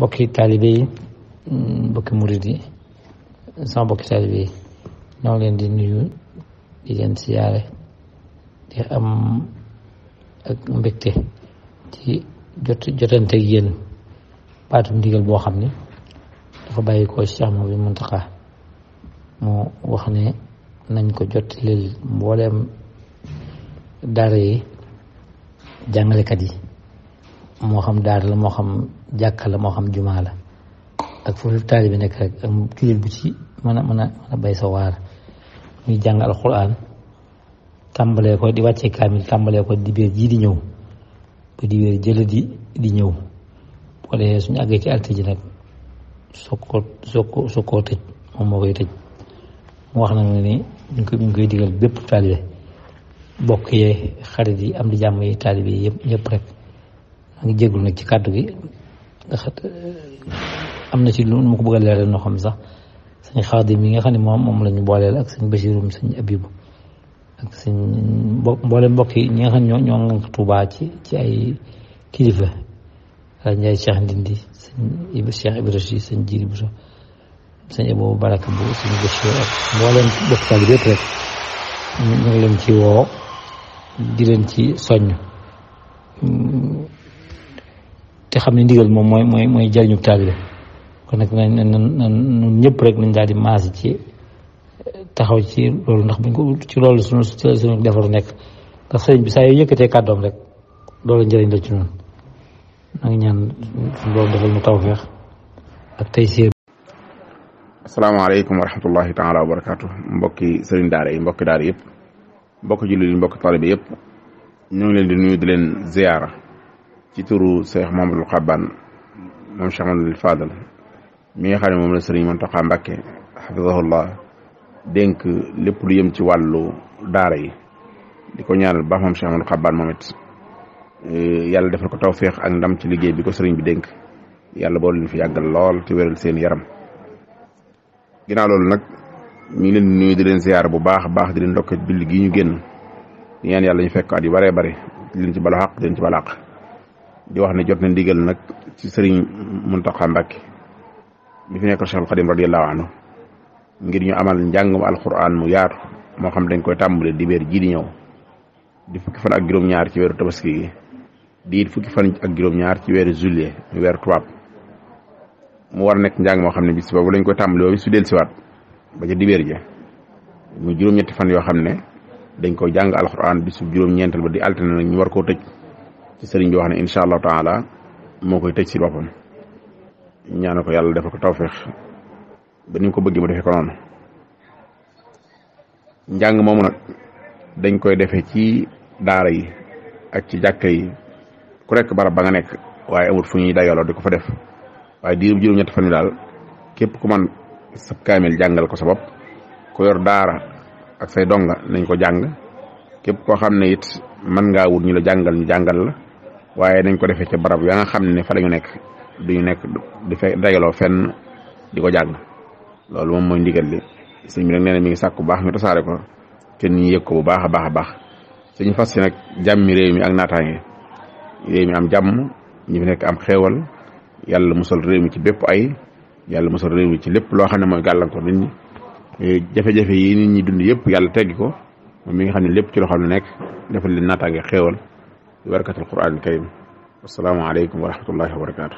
bokki taalibe yi mm, bokki murid yi sama bokki taalibe yi ñoo leen di nuyu di leen siyaare di am ak mbégte ci jot jotante ak yéen baatum ndigal boo xam ne dafa bàyyi ko Cheikh Mouhamadou Mountakha mu wax ne nañ ko jot mbooleem daara yi jàngalekat yi moo xam daara la moo xam jàkka la moo xam jumaa la ak foofu taalibe bi nekk rek ak jullit bu ci mën a mën a mën a bay sa waar muy jàng alquran tàmbalee ko di wàccee kaamil tàmbalee ko dibéer jii di ñëw ba dibéer jële di di ñëw boo defee suñu àggee ci altine ji nag soo ko soo ko tëj moom moo koy tëj mu wax na ne ni mu ngi koy ñu ngi koy digal bépp taalibe bokk yee xarit yi am di jàmm yi taalibe yi rek ñu jéglu nag ci kàddu gi euh, am na ci lu ma ko bëgg a noo xam sax sëñ xaadim yi nga xam ne moom moom la ñu booleel ak sëñ basirum sëñ abibu ak sëñ mboole mbokk yi ñi nga xam ñoo ñoo ngànk Tuubaa ci ci ay kilifa ala njaay cheikh ndindi sëñ cheikh ibrahim sëñ jiri ak mbooleem bokk taalibe yépp rek ñu leen ci woo di leen ci soññ te xam ne ndigal moom mooy mooy mooy jariñu taalibe kon nag na nañ ñëpp rek nañ daal di maas ci taxaw ci loolu ndax buñ ko ci loolu sunu sunu defaru nekk ndax sëriñ bi saa yoo yëkkatee kàddoom rek loolu njëriñ la ci noonu ñaan suñu borom mu tawfeex ak tey séer asalaamaaleykum wa rahmatullahi taala wa barakaatu mbokki sëriñ daara yi mbokki daara yëpp mbokki jullit yi mbokki taalibe yëpp ñu ngi leen di nuyu di leen ziyaara ci turu seex mom Xaban moom Cheikh Mamadou Fadal mi nga xam ne moom la sëriñ Mountakha lépp lu yëm ci wàllu daara yi di ko ñaanal baax moom Cheikh Mamadou Xaban moom it e, yàlla defal ko tawféex ak ndam ci liggéey bi ko sëriñ bi dénk yàlla boo leen fi yàggal lool te wéral seen yaram naa loolu nag mi ngi leen di nuyu di leen ziar bu baax baax di leen ndokkat billi gi ñu génn di ñaan yàlla ñu fekk at yu bëree bëri ci bala xaq di xaq di wax ne jot na ndigal nag ci sëriñ Muntaxa Mbàkke mu fi nekk Cheikhul Xadim radiyallahu anhu ngir ñu amal njàngum alxuraan mu yaatu moo xam dañ koy tàmbale dibéer ji di ñëw di fukki fan ak juróom ci weeru tabaski di fukki fan ak juróom-ñaar ci weeru juillet mu weeru tubaab mu war moo xam ne bis boobu lañ koy tàmbale boobu su del siwaat ba ca dibéer ja mu juróom-ñetti fan yoo xam ne dañ koy jàng alxuraan bisub juróom-ñeental ba di alterné nag ñu war koo tëj ci sëriñ bi wax ne incha allahu taala moo koy tëj si boppam ñaane ko yàlla defal ko tawféex ba ni ko bëggee mu defee ko noonu njàng moomu nag dañ koy defee ci daara yi ak ci jàkka yi ku rekk barab ba nga nekk waaye amul fu ñuy dajaloo di ko fa def waaye diiru juróom-ñett fan yi daal képp ku man sab jàngal ko sa bopp ku daara ak say donga nañ ko jàng képp koo xam ne it mën nga wut ñu la jàngal ñu jàngal la waaye dañ ko defee ci barab ya nga xam ne fa lañu nekk duñu nekk di fekk dajaloo fenn di ko jàng loolu moom mooy ndigal li sëñ bi nag nee mi ngi sàkku baax mi ñu tasaare ko te ñu yëg ko bu baax a baax a baax suñu fas si nag jàmmi réew mi ak naataange réew mi am jàmm ñu fi nekk am xéewal yàlla musal réew mi ci bépp ay yàlla musal réew mi ci lépp loo xam ne mooy gàllankoor nit ñi eh, jafe-jafe yi nit ñi dund yëpp yàlla teggi ko moom mi nga xam ne lépp ci loo xam nekk defal leen naataange xéewal bi barakatul quraanil kariim assalaamu aleykum wa rahmatullahi wa barakaatu.